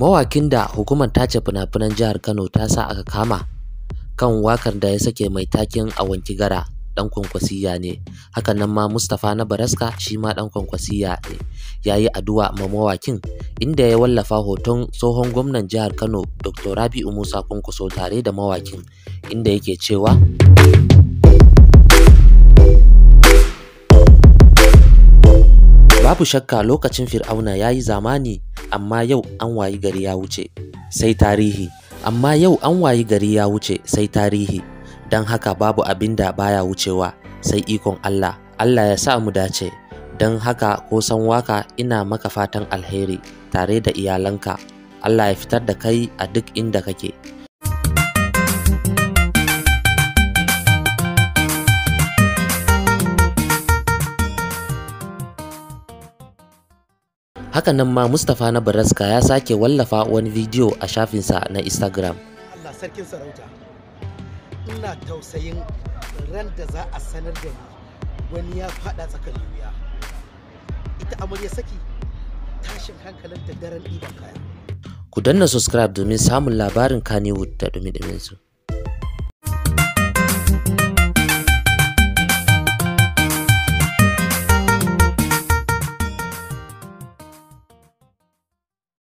mawakin da hukumar tace fina-finan jihar Kano ta sa aka kama kan wakar da ya sake mai takin a wanki gara dan kwankwasiya ne hakan nan ma Mustapha na Baraska shi ma dan kwankwasiya ne yayi addu'a ma mawakin inda ya wallafa hoton tsohon gwamnan jihar Kano Dr. Rabi'u Musa Kwankwaso tare da mawakin inda yake cewa Babu shakka lokacin Fir'auna ya yi zamani amma yau an wayi gari ya wuce sai tarihi amma yau an wayi gari ya wuce sai tarihi don haka babu abin da baya wucewa sai ikon Allah Allah ya sa mu dace don haka ko san waka ina maka fatan alheri tare da iyalanka Allah ya fitar da kai a duk inda kake haka nan ma mustapha na baraska ya sake wallafa wani bidiyo a shafinsa na instagram allah sarkin sarauta ina tausayin ran da za a sanar da ni wani ya fada tsakan wuya ita amarya saki tashin hankalinta daren ɗiban kaya ku danna subscribe domin samun labarin Kannywood da dumi-duminsu